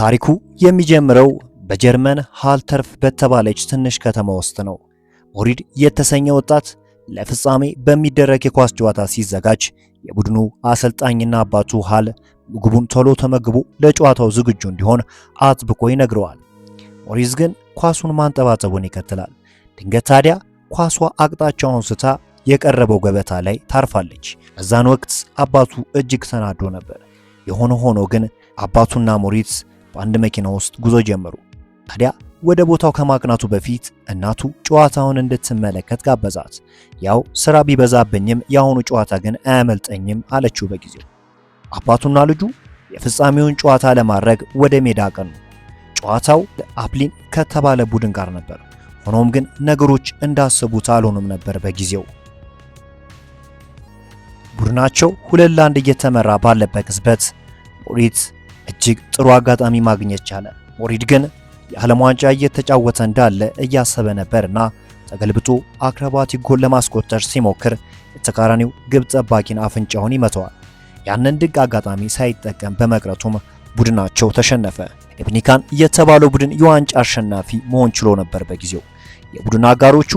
ታሪኩ የሚጀምረው በጀርመን ሃልተርፍ በተባለች ትንሽ ከተማ ውስጥ ነው። ሞሪድ የተሰኘ ወጣት ለፍጻሜ በሚደረግ የኳስ ጨዋታ ሲዘጋጅ የቡድኑ አሰልጣኝና አባቱ ሃል ምግቡን ቶሎ ተመግቦ ለጨዋታው ዝግጁ እንዲሆን አጥብቆ ይነግረዋል። ሞሪዝ ግን ኳሱን ማንጠባጠቡን ይቀጥላል። ድንገት ታዲያ ኳሷ አቅጣጫውን ስታ የቀረበው ገበታ ላይ ታርፋለች። በዛን ወቅት አባቱ እጅግ ተናዶ ነበር። የሆነ ሆኖ ግን አባቱና ሞሪዝ በአንድ መኪና ውስጥ ጉዞ ጀመሩ። ታዲያ ወደ ቦታው ከማቅናቱ በፊት እናቱ ጨዋታውን እንድትመለከት ጋበዛት። ያው ስራ ቢበዛብኝም የአሁኑ ጨዋታ ግን አያመልጠኝም አለችው በጊዜው። አባቱና ልጁ የፍጻሜውን ጨዋታ ለማድረግ ወደ ሜዳ አቀኑ። ጨዋታው አፕሊን ከተባለ ቡድን ጋር ነበር። ሆኖም ግን ነገሮች እንዳሰቡት አልሆኑም ነበር በጊዜው። ቡድናቸው ሁለት ለአንድ እየተመራ ባለበት ቅጽበት ሞሪት እጅግ ጥሩ አጋጣሚ ማግኘት ቻለ። ሞሪድ ግን የዓለም ዋንጫ እየተጫወተ እንዳለ እያሰበ ነበርና ተገልብጦ አክሮባቲክ ጎል ለማስቆጠር ሲሞክር የተቃራኒው ግብ ጠባቂን አፍንጫውን ይመተዋል። ያንን ድንቅ አጋጣሚ ሳይጠቀም በመቅረቱም ቡድናቸው ተሸነፈ። ኤብኒካን የተባለው ቡድን የዋንጫ አሸናፊ መሆን ችሎ ነበር። በጊዜው የቡድን አጋሮቹ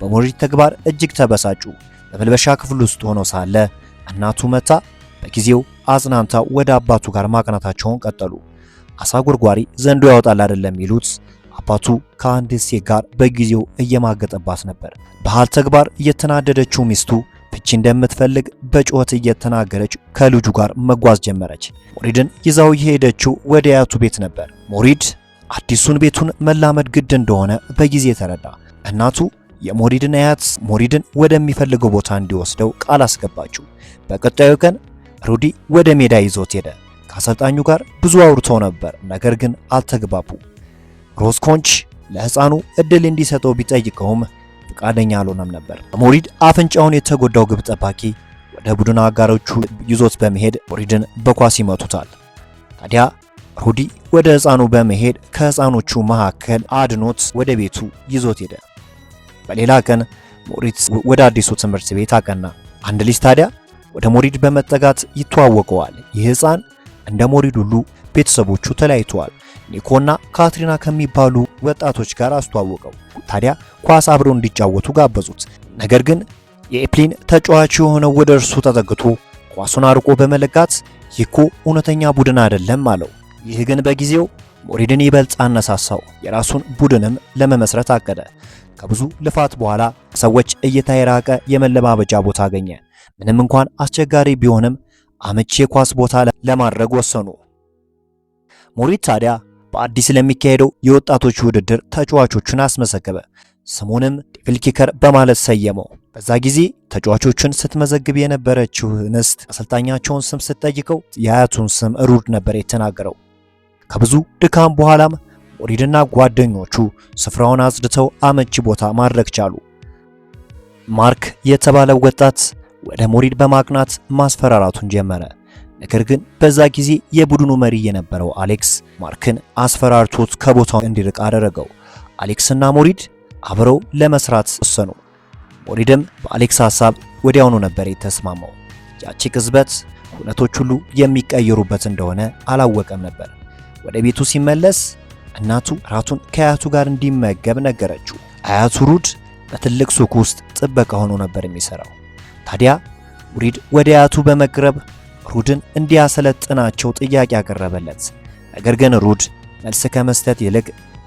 በሞሪድ ተግባር እጅግ ተበሳጩ። በመልበሻ ክፍል ውስጥ ሆኖ ሳለ እናቱ መታ በጊዜው አጽናንታ ወደ አባቱ ጋር ማቅናታቸውን ቀጠሉ። አሳ ጎርጓሪ ዘንዶ ያወጣል አይደለም የሚሉት አባቱ ከአንድ ሴት ጋር በጊዜው እየማገጠባት ነበር። በሐር ተግባር እየተናደደችው ሚስቱ ፍቺ እንደምትፈልግ በጩኸት እየተናገረች ከልጁ ጋር መጓዝ ጀመረች። ሞሪድን ይዛው የሄደችው ወደ አያቱ ቤት ነበር። ሞሪድ አዲሱን ቤቱን መላመድ ግድ እንደሆነ በጊዜ ተረዳ። እናቱ የሞሪድን አያት ሞሪድን ወደሚፈልገው ቦታ እንዲወስደው ቃል አስገባችው። በቀጣዩ ቀን ሩዲ ወደ ሜዳ ይዞት ሄደ። ከአሰልጣኙ ጋር ብዙ አውርተው ነበር፣ ነገር ግን አልተግባቡ። ሮስኮንች ለህፃኑ እድል እንዲሰጠው ቢጠይቀውም ፈቃደኛ አልሆነም ነበር። አሞሪድ አፍንጫውን የተጎዳው ግብ ጠባቂ ወደ ቡድን አጋሮቹ ይዞት በመሄድ ሞሪድን በኳስ ይመቱታል። ታዲያ ሩዲ ወደ ህፃኑ በመሄድ ከህፃኖቹ መካከል አድኖት ወደ ቤቱ ይዞት ሄደ። በሌላ ቀን ሞሪት ወደ አዲሱ ትምህርት ቤት አቀና። አንድ ልጅ ታዲያ ወደ ሞሪድ በመጠጋት ይተዋወቀዋል። ይህ ህፃን እንደ ሞሪድ ሁሉ ቤተሰቦቹ ተለያይተዋል። ኒኮና ካትሪና ከሚባሉ ወጣቶች ጋር አስተዋወቀው። ታዲያ ኳስ አብረው እንዲጫወቱ ጋበዙት። ነገር ግን የኤፕሊን ተጫዋች የሆነው ወደ እርሱ ተጠግቶ ኳሱን አርቆ በመለጋት ይኮ እውነተኛ ቡድን አይደለም አለው። ይህ ግን በጊዜው ሞሪድን ይበልጥ አነሳሳው። የራሱን ቡድንም ለመመስረት አቀደ። ከብዙ ልፋት በኋላ ሰዎች እይታ የራቀ የመለባበጃ ቦታ አገኘ። ምንም እንኳን አስቸጋሪ ቢሆንም አመቺ የኳስ ቦታ ለማድረግ ወሰኑ። ሞሪት ታዲያ በአዲስ ለሚካሄደው የወጣቶች ውድድር ተጫዋቾቹን አስመዘገበ። ስሙንም ዴቪል በማለት ሰየመው። በዛ ጊዜ ተጫዋቾቹን ስትመዘግብ የነበረችው እንስት አሰልጣኛቸውን ስም ስትጠይቀው የአያቱን ስም ሩድ ነበር የተናገረው። ከብዙ ድካም በኋላም ሞሪድና ጓደኞቹ ስፍራውን አጽድተው አመቺ ቦታ ማድረግ ቻሉ። ማርክ የተባለው ወጣት ወደ ሞሪድ በማቅናት ማስፈራራቱን ጀመረ። ነገር ግን በዛ ጊዜ የቡድኑ መሪ የነበረው አሌክስ ማርክን አስፈራርቶት ከቦታው እንዲርቅ አደረገው። አሌክስና ሞሪድ አብረው ለመስራት ወሰኑ። ሞሪድም በአሌክስ ሐሳብ ወዲያውኑ ነበር የተስማመው። ያቺ ቅጽበት እውነቶች ሁሉ የሚቀየሩበት እንደሆነ አላወቀም ነበር። ወደ ቤቱ ሲመለስ እናቱ ራቱን ከአያቱ ጋር እንዲመገብ ነገረችው። አያቱ ሩድ በትልቅ ሱቅ ውስጥ ጥበቃ ሆኖ ነበር የሚሰራው። ታዲያ ውሪድ ወደ ያቱ በመቅረብ ሩድን እንዲያሰለጥናቸው ጥያቄ አቀረበለት ነገር ግን ሩድ መልስ ከመስጠት ይልቅ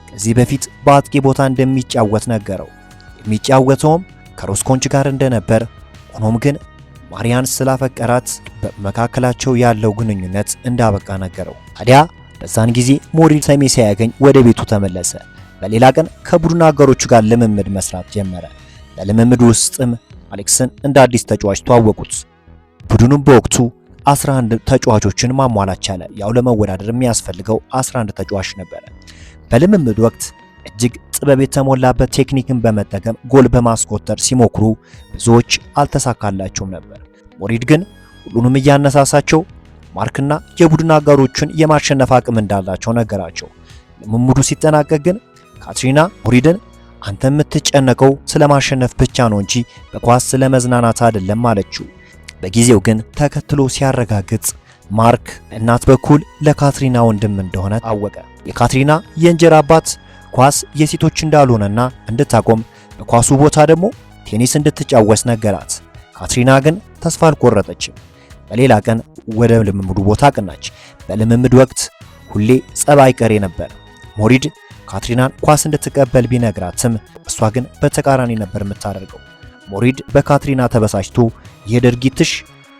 ከዚህ በፊት በአጥቂ ቦታ እንደሚጫወት ነገረው። የሚጫወተውም ከሮስኮንች ጋር እንደነበር፣ ሆኖም ግን ማሪያን ስላፈቀራት በመካከላቸው ያለው ግንኙነት እንዳበቃ ነገረው። ታዲያ በዛን ጊዜ ሞሪድ ሰሜ ሳያገኝ ወደ ቤቱ ተመለሰ። በሌላ ቀን ከቡድን አገሮቹ ጋር ልምምድ መስራት ጀመረ። በልምምድ ውስጥም አሌክስን እንደ አዲስ ተጫዋች ተዋወቁት። ቡድኑም በወቅቱ 11 ተጫዋቾችን ማሟላት ቻለ። ያው ለመወዳደር የሚያስፈልገው 11 ተጫዋች ነበረ። በልምምድ ወቅት እጅግ ጥበብ የተሞላበት ቴክኒክን በመጠቀም ጎል በማስቆጠር ሲሞክሩ ብዙዎች አልተሳካላቸውም ነበር። ሞሪድ ግን ሁሉንም እያነሳሳቸው ማርክና የቡድን አጋሮቹን የማሸነፍ አቅም እንዳላቸው ነገራቸው። ልምምዱ ሲጠናቀቅ ግን ካትሪና ሞሪድን አንተ የምትጨነቀው ስለማሸነፍ ብቻ ነው እንጂ በኳስ ስለመዝናናት አይደለም አለችው። በጊዜው ግን ተከትሎ ሲያረጋግጥ ማርክ እናት በኩል ለካትሪና ወንድም እንደሆነ ታወቀ። የካትሪና የእንጀራ አባት ኳስ የሴቶች እንዳልሆነና እንድታቆም በኳሱ ቦታ ደግሞ ቴኒስ እንድትጫወስ ነገራት። ካትሪና ግን ተስፋ አልቆረጠችም። በሌላ ቀን ወደ ልምምዱ ቦታ አቅናች። በልምምድ ወቅት ሁሌ ጸባይ አይቀሬ ነበር። ሞሪድ ካትሪናን ኳስ እንድትቀበል ቢነግራትም እሷ ግን በተቃራኒ ነበር የምታደርገው። ሞሪድ በካትሪና ተበሳጭቶ ይህ ድርጊትሽ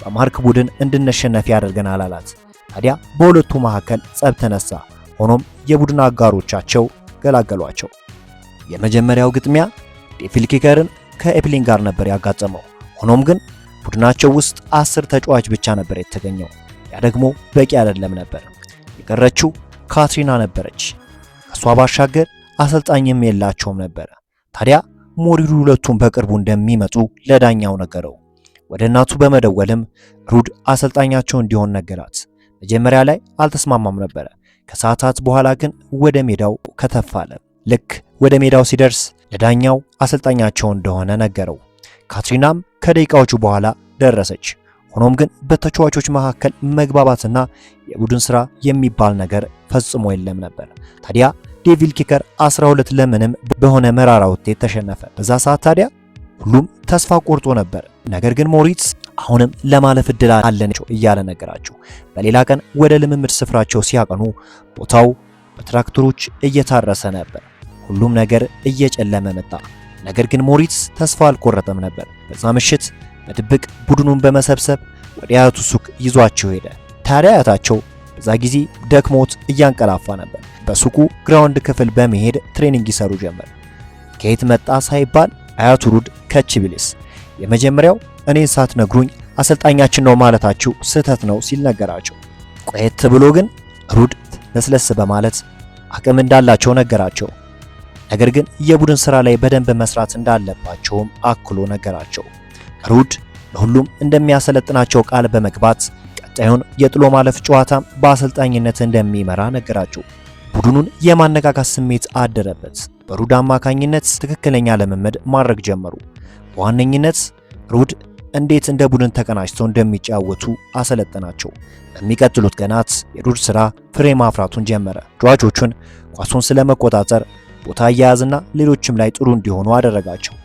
በማርክ ቡድን እንድነሸነፍ ያደርገናል አላት። ታዲያ በሁለቱ መካከል ጸብ ተነሳ። ሆኖም የቡድን አጋሮቻቸው ገላገሏቸው። የመጀመሪያው ግጥሚያ ዴፊልኪከርን ከኤፕሊን ጋር ነበር ያጋጠመው። ሆኖም ግን ቡድናቸው ውስጥ አስር ተጫዋች ብቻ ነበር የተገኘው። ያ ደግሞ በቂ አይደለም ነበር። የቀረችው ካትሪና ነበረች። ከእሷ ባሻገር አሰልጣኝም የላቸውም ነበረ። ታዲያ ሞሪሩ ሁለቱም በቅርቡ እንደሚመጡ ለዳኛው ነገረው። ወደ እናቱ በመደወልም ሩድ አሰልጣኛቸው እንዲሆን ነገራት። መጀመሪያ ላይ አልተስማማም ነበረ። ከሰዓታት በኋላ ግን ወደ ሜዳው ከተፍ አለ። ልክ ወደ ሜዳው ሲደርስ ለዳኛው አሰልጣኛቸው እንደሆነ ነገረው። ካትሪናም ከደቂቃዎቹ በኋላ ደረሰች። ሆኖም ግን በተጫዋቾች መካከል መግባባትና የቡድን ስራ የሚባል ነገር ፈጽሞ የለም ነበር። ታዲያ ዴቪል ኪከር 12 ለምንም በሆነ መራራ ውጤት ተሸነፈ። በዛ ሰዓት ታዲያ ሁሉም ተስፋ ቆርጦ ነበር። ነገር ግን ሞሪትስ አሁንም ለማለፍ እድል አለን እያለ ነገራቸው። በሌላ ቀን ወደ ልምምድ ስፍራቸው ሲያቀኑ ቦታው በትራክተሮች እየታረሰ ነበር። ሁሉም ነገር እየጨለመ መጣ። ነገር ግን ሞሪትስ ተስፋ አልቆረጠም ነበር። በዛ ምሽት በጥብቅ ቡድኑን በመሰብሰብ ወደ አያቱ ሱቅ ይዟቸው ሄደ። ታዲያ አያታቸው በዛ ጊዜ ደክሞት እያንቀላፋ ነበር። በሱቁ ግራውንድ ክፍል በመሄድ ትሬኒንግ ይሰሩ ጀመር። ከየት መጣ ሳይባል አያቱ ሩድ ከችቢሊስ የመጀመሪያው እኔን ሳትነግሩኝ አሰልጣኛችን ነው ማለታችሁ ስህተት ነው ሲል ነገራቸው። ቆየት ብሎ ግን ሩድ ለስለስ በማለት አቅም እንዳላቸው ነገራቸው። ነገር ግን የቡድን ስራ ላይ በደንብ መስራት እንዳለባቸውም አክሎ ነገራቸው። ሩድ ለሁሉም እንደሚያሰለጥናቸው ቃል በመግባት ቀጣዩን የጥሎ ማለፍ ጨዋታ በአሰልጣኝነት እንደሚመራ ነገራቸው። ቡድኑን የማነቃቃት ስሜት አደረበት። በሩድ አማካኝነት ትክክለኛ ልምምድ ማድረግ ጀመሩ። በዋነኝነት ሩድ እንዴት እንደ ቡድን ተቀናጅተው እንደሚጫወቱ አሰለጠናቸው። በሚቀጥሉት ቀናት የሩድ ስራ ፍሬ ማፍራቱን ጀመረ። ተጫዋቾቹን ኳሱን ስለመቆጣጠር ቦታ አያያዝና ሌሎችም ላይ ጥሩ እንዲሆኑ አደረጋቸው።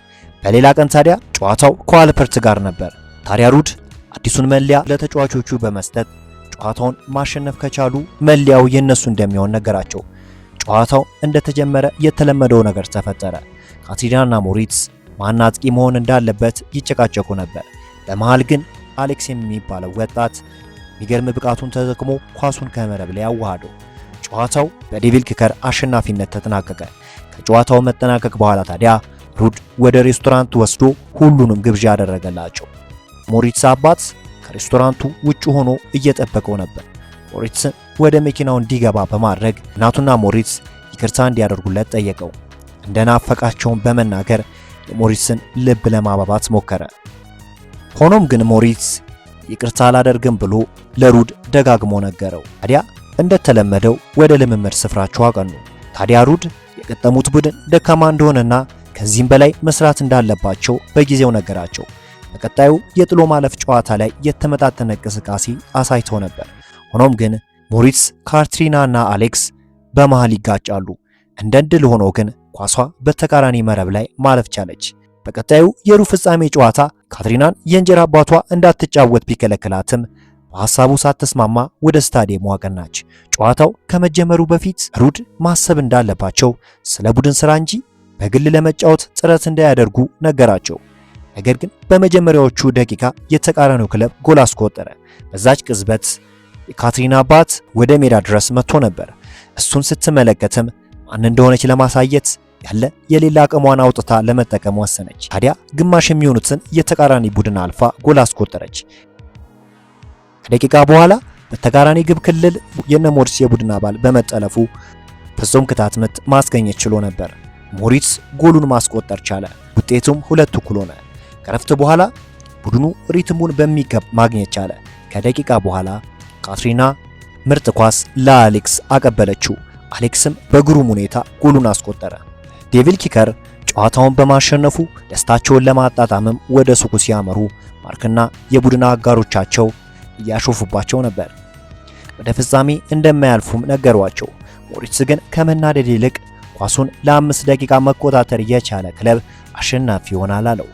በሌላ ቀን ታዲያ ጨዋታው ከዋልፐርት ጋር ነበር። ታዲያ ሩድ አዲሱን መለያ ለተጫዋቾቹ በመስጠት ጨዋታውን ማሸነፍ ከቻሉ መለያው የነሱ እንደሚሆን ነገራቸው። ጨዋታው እንደተጀመረ የተለመደው ነገር ተፈጠረ። ካትሪናና ሞሪትስ ማን አጥቂ መሆን እንዳለበት ይጨቃጨቁ ነበር። በመሃል ግን አሌክስ የሚባለው ወጣት የሚገርም ብቃቱን ተጠቅሞ ኳሱን ከመረብ ላይ አዋሃደው። ጨዋታው በዴቪል ክከር አሸናፊነት ተጠናቀቀ። ከጨዋታው መጠናቀቅ በኋላ ታዲያ ሩድ ወደ ሬስቶራንት ወስዶ ሁሉንም ግብዣ ያደረገላቸው። ሞሪትስ አባት ከሬስቶራንቱ ውጭ ሆኖ እየጠበቀው ነበር። ሞሪትስን ወደ መኪናው እንዲገባ በማድረግ እናቱና ሞሪትስ ይቅርታ እንዲያደርጉለት ጠየቀው። እንደናፈቃቸውን በመናገር የሞሪትስን ልብ ለማባባት ሞከረ። ሆኖም ግን ሞሪትስ ይቅርታ አላደርግም ብሎ ለሩድ ደጋግሞ ነገረው። ታዲያ እንደተለመደው ወደ ልምምድ ስፍራቸው አቀኑ። ታዲያ ሩድ የገጠሙት ቡድን ደካማ እንደሆነና ከዚህም በላይ መስራት እንዳለባቸው በጊዜው ነገራቸው። በቀጣዩ የጥሎ ማለፍ ጨዋታ ላይ የተመጣጠነ እንቅስቃሴ አሳይተው ነበር። ሆኖም ግን ሞሪትስ ካትሪና እና አሌክስ በመሃል ይጋጫሉ። እንደ ዕድል ሆኖ ግን ኳሷ በተቃራኒ መረብ ላይ ማለፍ ቻለች። በቀጣዩ የሩብ ፍጻሜ ጨዋታ ካትሪናን የእንጀራ አባቷ እንዳትጫወት ቢከለክላትም በሐሳቡ ሳትስማማ ወደ ስታዲየሙ አቀናች። ጨዋታው ከመጀመሩ በፊት ሩድ ማሰብ እንዳለባቸው ስለ ቡድን ስራ እንጂ በግል ለመጫወት ጥረት እንዳያደርጉ ነገራቸው። ነገር ግን በመጀመሪያዎቹ ደቂቃ የተቃራኒው ክለብ ጎል አስቆጠረ። በዛች ቅጽበት የካትሪና ባት ወደ ሜዳ ድረስ መጥቶ ነበር። እሱን ስትመለከትም ማን እንደሆነች ለማሳየት ያለ የሌላ አቅሟን አውጥታ ለመጠቀም ወሰነች። ታዲያ ግማሽ የሚሆኑትን የተቃራኒ ቡድን አልፋ ጎል አስቆጠረች። ከደቂቃ በኋላ በተቃራኒ ግብ ክልል የነሞድስ የቡድን አባል በመጠለፉ ፍጹም ቅጣት ምት ማስገኘት ችሎ ነበር። ሞሪትስ ጎሉን ማስቆጠር ቻለ። ውጤቱም ሁለት እኩል ሆነ። ከረፍት በኋላ ቡድኑ ሪትሙን በሚገባ ማግኘት ቻለ። ከደቂቃ በኋላ ካትሪና ምርጥ ኳስ ለአሌክስ አቀበለችው። አሌክስም በግሩም ሁኔታ ጎሉን አስቆጠረ። ዴቪል ኪከር ጨዋታውን በማሸነፉ ደስታቸውን ለማጣጣምም ወደ ሱቁ ሲያመሩ ማርክና የቡድን አጋሮቻቸው እያሾፉባቸው ነበር። ወደ ፍጻሜ እንደማያልፉም ነገሯቸው። ሞሪትስ ግን ከመናደድ ይልቅ ኳሱን ለአምስት ደቂቃ መቆጣጠር የቻለ ክለብ አሸናፊ ይሆናል አለው።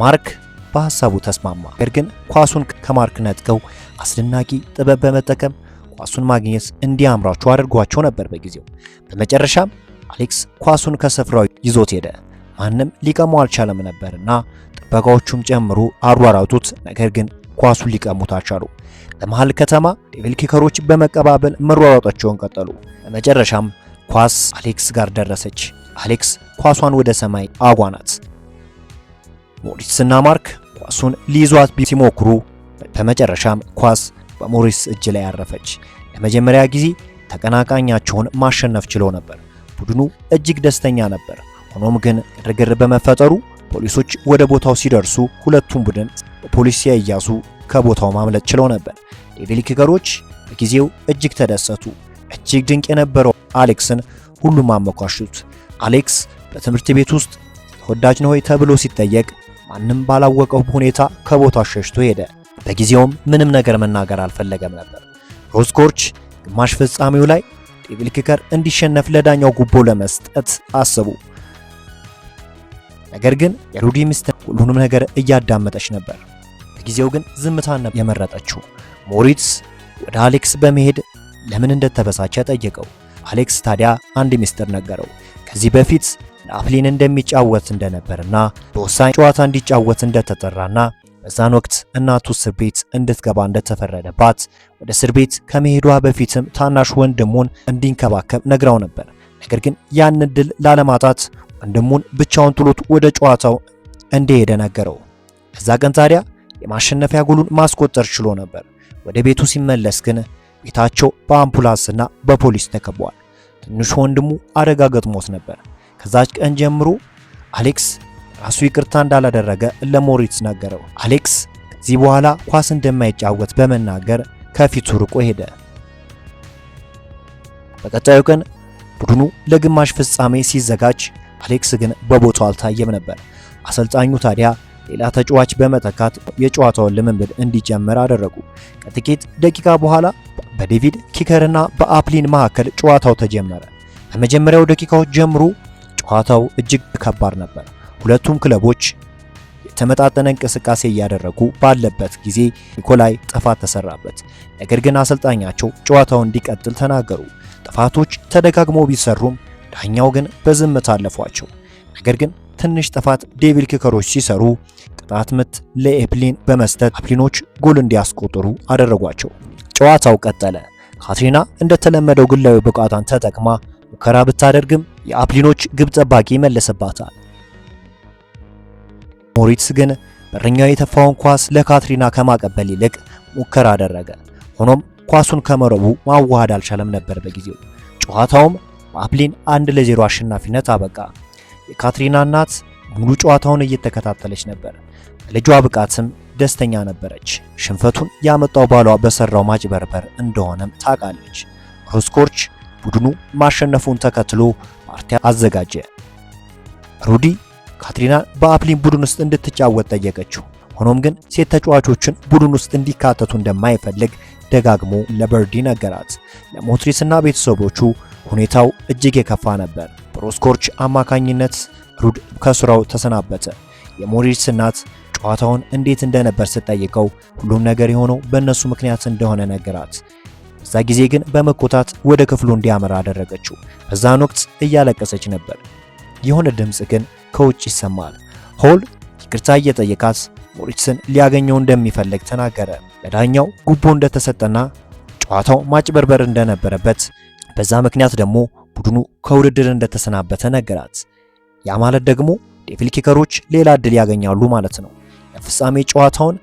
ማርክ በሀሳቡ ተስማማ። ነገር ግን ኳሱን ከማርክ ነጥቀው አስደናቂ ጥበብ በመጠቀም ኳሱን ማግኘት እንዲያምራቸው አድርጓቸው ነበር በጊዜው። በመጨረሻም አሌክስ ኳሱን ከስፍራው ይዞት ሄደ። ማንም ሊቀመው አልቻለም ነበርና ጥበቃዎቹም ጨምሮ አሯራጡት። ነገር ግን ኳሱን ሊቀሙት አልቻሉ። ለመሃል ከተማ ዴቪል ኪከሮች በመቀባበል መሯሯጣቸውን ቀጠሉ። በመጨረሻም ኳስ አሌክስ ጋር ደረሰች። አሌክስ ኳሷን ወደ ሰማይ አጓናት። ሞሪስና ማርክ ኳሱን ሊይዟት ሲሞክሩ በመጨረሻም ኳስ በሞሪስ እጅ ላይ አረፈች ለመጀመሪያ ጊዜ ተቀናቃኛቸውን ማሸነፍ ችሎ ነበር። ቡድኑ እጅግ ደስተኛ ነበር። ሆኖም ግን ግርግር በመፈጠሩ ፖሊሶች ወደ ቦታው ሲደርሱ ሁለቱም ቡድን ፖሊስ ሲያያዙ ከቦታው ማምለጥ ችለው ነበር። የቪሊክገሮች በጊዜው እጅግ ተደሰቱ። እጅግ ድንቅ የነበረው አሌክስን ሁሉም አመኳሹት አሌክስ በትምህርት ቤት ውስጥ ተወዳጅ ነው ተብሎ ሲጠየቅ ማንም ባላወቀው ሁኔታ ከቦታው ሸሽቶ ሄደ። በጊዜውም ምንም ነገር መናገር አልፈለገም ነበር። ሮዝኮርች ግማሽ ፍጻሜው ላይ ዴቪል እንዲሸነፍ ለዳኛው ጉቦ ለመስጠት አሰቡ። ነገር ግን የሩዲ ሚስት ሁሉንም ነገር እያዳመጠች ነበር። በጊዜው ግን ዝምታን የመረጠችው። ሞሪትስ ወደ አሌክስ በመሄድ ለምን እንደተበሳጨ ጠየቀው። አሌክስ ታዲያ አንድ ሚስጥር ነገረው። ከዚህ በፊት ለአፍሊን እንደሚጫወት እንደነበርና በወሳኝ ጨዋታ እንዲጫወት እንደተጠራና በዛን ወቅት እናቱ እስር ቤት እንድትገባ እንደተፈረደባት ወደ እስር ቤት ከመሄዷ በፊትም ታናሽ ወንድሙን እንዲንከባከብ ነግራው ነበር። ነገር ግን ያን እድል ላለማጣት ወንድሙን ብቻውን ጥሎት ወደ ጨዋታው እንደሄደ ነገረው። ከዛ ቀን ታዲያ የማሸነፊያ ጎሉን ማስቆጠር ችሎ ነበር። ወደ ቤቱ ሲመለስ ግን ቤታቸው በአምቡላንስና በፖሊስ ተከቧል። ትንሹ ወንድሙ አደጋ ገጥሞት ነበር። ከዛች ቀን ጀምሮ አሌክስ ራሱ ይቅርታ እንዳላደረገ ለሞሪትስ ነገረው። አሌክስ ከዚህ በኋላ ኳስ እንደማይጫወት በመናገር ከፊቱ ርቆ ሄደ። በቀጣዩ ቀን ቡድኑ ለግማሽ ፍጻሜ ሲዘጋጅ፣ አሌክስ ግን በቦታው አልታየም ነበር። አሰልጣኙ ታዲያ ሌላ ተጫዋች በመተካት የጨዋታውን ልምምድ እንዲጀምር አደረጉ። ከጥቂት ደቂቃ በኋላ በዴቪድ ኪከርና በአፕሊን መካከል ጨዋታው ተጀመረ። ከመጀመሪያው ደቂቃዎች ጀምሮ ጨዋታው እጅግ ከባድ ነበር። ሁለቱም ክለቦች የተመጣጠነ እንቅስቃሴ እያደረጉ ባለበት ጊዜ ኒኮላይ ጥፋት ተሰራበት። ነገር ግን አሰልጣኛቸው ጨዋታውን እንዲቀጥል ተናገሩ። ጥፋቶች ተደጋግሞ ቢሰሩም ዳኛው ግን በዝምታ አለፏቸው። ነገር ግን ትንሽ ጥፋት ዴቪል ኪከሮች ሲሰሩ ቅጣት ምት ለኤፕሊን በመስጠት አፕሊኖች ጎል እንዲያስቆጥሩ አደረጓቸው። ጨዋታው ቀጠለ። ካትሪና እንደተለመደው ግላዊ ብቃቷን ተጠቅማ ሙከራ ብታደርግም የአፕሊኖች ግብ ጠባቂ ይመለስባታል። ሞሪትስ ግን በረኛው የተፋውን ኳስ ለካትሪና ከማቀበል ይልቅ ሙከራ አደረገ። ሆኖም ኳሱን ከመረቡ ማዋሃድ አልቻለም ነበር በጊዜው ጨዋታውም በአፕሊን አንድ ለዜሮ አሸናፊነት አበቃ። የካትሪና እናት ሙሉ ጨዋታውን እየተከታተለች ነበር። ልጇ ብቃትም ደስተኛ ነበረች። ሽንፈቱን ያመጣው ባሏ በሰራው ማጭበርበር እንደሆነም ታውቃለች። ሮስኮርች ቡድኑ ማሸነፉን ተከትሎ ፓርቲ አዘጋጀ። ሩዲ ካትሪና በአፕሊን ቡድን ውስጥ እንድትጫወት ጠየቀችው። ሆኖም ግን ሴት ተጫዋቾችን ቡድን ውስጥ እንዲካተቱ እንደማይፈልግ ደጋግሞ ለበርዲ ነገራት። ለሞትሪስና ቤተሰቦቹ ሁኔታው እጅግ የከፋ ነበር። በሮስኮርች አማካኝነት ሩድ ከስራው ተሰናበተ። የሞሪስ እናት ጨዋታውን እንዴት እንደነበር ስትጠይቀው ሁሉም ነገር የሆነው በእነሱ ምክንያት እንደሆነ ነገራት። በዛ ጊዜ ግን በመኮታት ወደ ክፍሉ እንዲያመራ አደረገችው። በዛን ወቅት እያለቀሰች ነበር። የሆነ ድምፅ ግን ከውጭ ይሰማል። ሆል ይቅርታ እየጠየቃት ሞሪስን ሊያገኘው እንደሚፈልግ ተናገረ። ለዳኛው ጉቦ እንደተሰጠና ጨዋታው ማጭበርበር እንደነበረበት በዛ ምክንያት ደግሞ ቡድኑ ከውድድር እንደተሰናበተ ነገራት። ያ ማለት ደግሞ ዴቪል ኪከሮች ሌላ እድል ያገኛሉ ማለት ነው። የፍጻሜ ጨዋታውን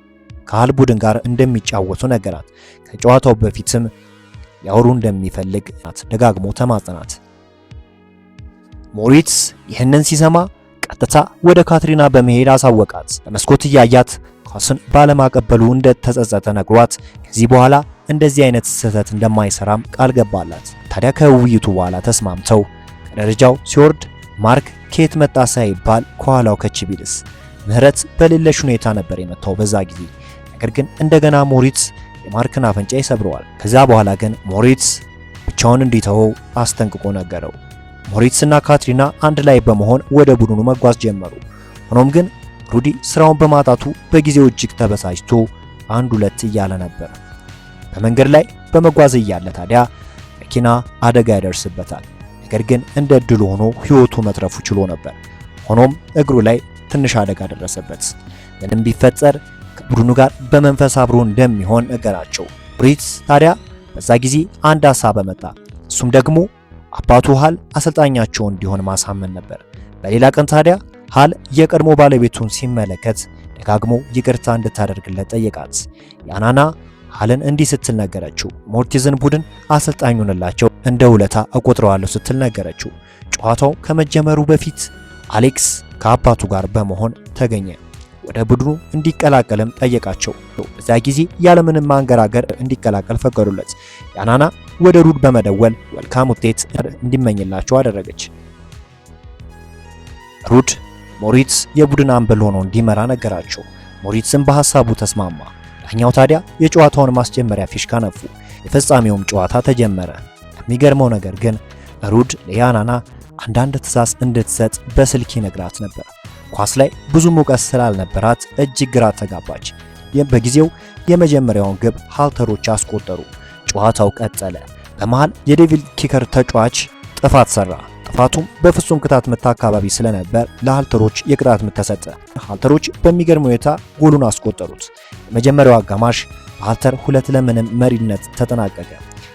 ከሃል ቡድን ጋር እንደሚጫወቱ ነገራት። ከጨዋታው በፊትም ያወሩ እንደሚፈልግ ደጋግሞ ተማጽናት። ሞሪትስ ይህንን ሲሰማ ቀጥታ ወደ ካትሪና በመሄድ አሳወቃት። በመስኮት እያያት ኳስን ባለማቀበሉ እንደተጸጸተ ነግሯት ከዚህ በኋላ እንደዚህ አይነት ስህተት እንደማይሰራም ቃል ገባላት። ታዲያ ከውይይቱ በኋላ ተስማምተው ከደረጃው ሲወርድ ማርክ ከየት መጣ ሳይባል ከኋላው ከች ቢልስ ምህረት በሌለሽ ሁኔታ ነበር የመታው በዛ ጊዜ። ነገር ግን እንደገና ሞሪትስ የማርክን አፍንጫ ይሰብረዋል። ከዛ በኋላ ግን ሞሪትስ ብቻውን እንዲተወው አስጠንቅቆ ነገረው። ሞሪትስና ካትሪና አንድ ላይ በመሆን ወደ ቡድኑ መጓዝ ጀመሩ። ሆኖም ግን ሩዲ ስራውን በማጣቱ በጊዜው እጅግ ተበሳጭቶ አንድ ሁለት እያለ ነበር። በመንገድ ላይ በመጓዝ እያለ ታዲያ መኪና አደጋ ያደርስበታል። ነገር ግን እንደ እድል ሆኖ ህይወቱ መትረፉ ችሎ ነበር። ሆኖም እግሩ ላይ ትንሽ አደጋ ደረሰበት። ምንም ቢፈጠር ከቡድኑ ጋር በመንፈስ አብሮ እንደሚሆን ነገራቸው። ብሪትስ ታዲያ በዛ ጊዜ አንድ ሀሳብ መጣ። እሱም ደግሞ አባቱ ሃል አሰልጣኛቸው እንዲሆን ማሳመን ነበር። በሌላ ቀን ታዲያ ሃል የቀድሞ ባለቤቱን ሲመለከት ደጋግሞ ይቅርታ እንድታደርግለት ጠየቃት። ያናና አለን እንዲህ ስትል ነገረችው። ሞርቲዝን ቡድን አሰልጣኙንላቸው እንደ ውለታ እቆጥረዋለሁ ስትል ነገረችው። ጨዋታው ከመጀመሩ በፊት አሌክስ ከአባቱ ጋር በመሆን ተገኘ። ወደ ቡድኑ እንዲቀላቀልም ጠየቃቸው። በዛ ጊዜ ያለምንም ማንገራገር እንዲቀላቀል ፈቀዱለት። ያናና ወደ ሩድ በመደወል ወልካም ውጤት እንዲመኝላቸው አደረገች። ሩድ ሞሪትስ የቡድን አምበል ሆኖ እንዲመራ ነገራቸው። ሞሪትስም በሀሳቡ ተስማማ። ዳኛው ታዲያ የጨዋታውን ማስጀመሪያ ፊሽካ ነፉ። የፍጻሜውም ጨዋታ ተጀመረ። የሚገርመው ነገር ግን ሩድ ለያናና አንዳንድ ትእዛዝ እንድትሰጥ በስልክ ይነግራት ነበር። ኳስ ላይ ብዙ ሙቀት ስላልነበራት እጅግ ግራ ተጋባች። በጊዜው የመጀመሪያውን ግብ ሀልተሮች አስቆጠሩ። ጨዋታው ቀጠለ። በመሃል የዴቪል ኪከር ተጫዋች ጥፋት ሰራ። ጥፋቱም በፍጹም ቅጣት ምት አካባቢ ስለነበር ለሃልተሮች የቅጣት ምት ተሰጠ። ሃልተሮች በሚገርም ሁኔታ ጎሉን አስቆጠሩት። የመጀመሪያው አጋማሽ በሃልተር ሁለት ለምንም መሪነት ተጠናቀቀ።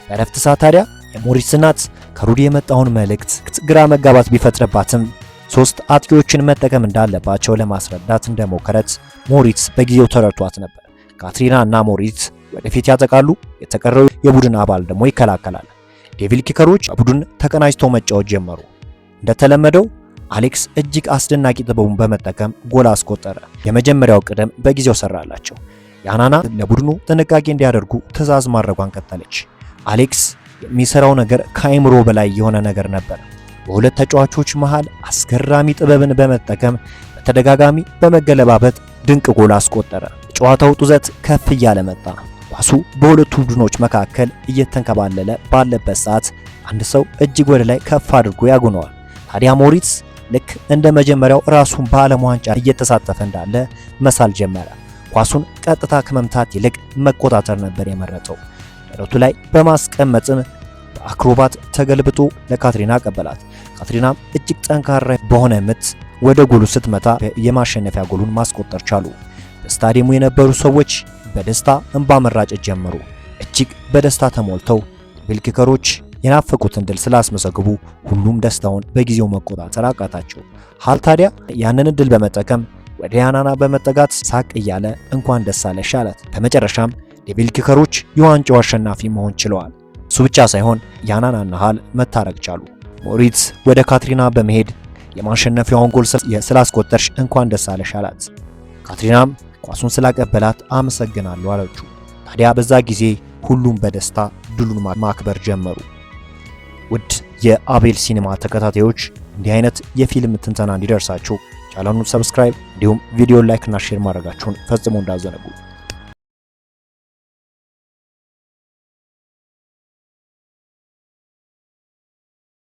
በእረፍት ሰዓት ታዲያ የሞሪስ ናት ከሩዲ የመጣውን መልእክት ግራ መጋባት ቢፈጥርባትም ሶስት አጥቂዎችን መጠቀም እንዳለባቸው ለማስረዳት እንደሞከረት ሞሪስ በጊዜው ተረድቷት ነበር። ካትሪና እና ሞሪስ ወደፊት ያጠቃሉ፣ የተቀረው የቡድን አባል ደግሞ ይከላከላል። ዴቪል ኪከሮች ቡድን ተቀናጅተው መጫወት ጀመሩ። እንደተለመደው አሌክስ እጅግ አስደናቂ ጥበቡን በመጠቀም ጎል አስቆጠረ። የመጀመሪያው ቅደም በጊዜው ሰራላቸው። የአናና ለቡድኑ ጥንቃቄ እንዲያደርጉ ትዕዛዝ ማድረጓን ቀጠለች። አሌክስ የሚሰራው ነገር ከአይምሮ በላይ የሆነ ነገር ነበር። በሁለት ተጫዋቾች መሃል አስገራሚ ጥበብን በመጠቀም በተደጋጋሚ በመገለባበት ድንቅ ጎል አስቆጠረ። የጨዋታው ጡዘት ከፍ እያለ መጣ። ኳሱ በሁለቱ ቡድኖች መካከል እየተንከባለለ ባለበት ሰዓት አንድ ሰው እጅግ ወደ ላይ ከፍ አድርጎ ያጉነዋል። ታዲያ ሞሪትስ ልክ እንደ መጀመሪያው ራሱን በዓለም ዋንጫ እየተሳተፈ እንዳለ መሳል ጀመረ። ኳሱን ቀጥታ ከመምታት ይልቅ መቆጣጠር ነበር የመረጠው። ደረቱ ላይ በማስቀመጥም በአክሮባት ተገልብጦ ለካትሪና አቀበላት። ካትሪናም እጅግ ጠንካራ በሆነ ምት ወደ ጎሉ ስትመታ የማሸነፊያ ጎሉን ማስቆጠር ቻሉ። በስታዲየሙ የነበሩ ሰዎች በደስታ እንባ መራጨት ጀመሩ። እጅግ በደስታ ተሞልተው ቤልኪከሮች የናፈቁትን ድል ስላስመዘግቡ ሁሉም ደስታውን በጊዜው መቆጣጠር አቃታቸው። ሃል ታዲያ ያንን ድል በመጠቀም ወደ ያናና በመጠጋት ሳቅ እያለ እንኳን ደስ አለሽ አላት። በመጨረሻም የቤልኪከሮች የዋንጫው አሸናፊ መሆን ችለዋል። እሱ ብቻ ሳይሆን ያናናና ሃል መታረቅ ቻሉ። ሞሪትስ ወደ ካትሪና በመሄድ የማሸነፊያውን ጎል ስላስቆጠርሽ እንኳን ደስ አለሽ አላት። ካትሪናም ኳሱን ስላቀበላት አመሰግናለሁ አለችው። ታዲያ በዛ ጊዜ ሁሉም በደስታ ድሉን ማክበር ጀመሩ። ውድ የአቤል ሲኒማ ተከታታዮች እንዲህ አይነት የፊልም ትንተና እንዲደርሳችሁ ቻናሉን ሰብስክራይብ እንዲሁም ቪዲዮ ላይክ እና ሼር ማድረጋችሁን ፈጽሞ እንዳዘነጉ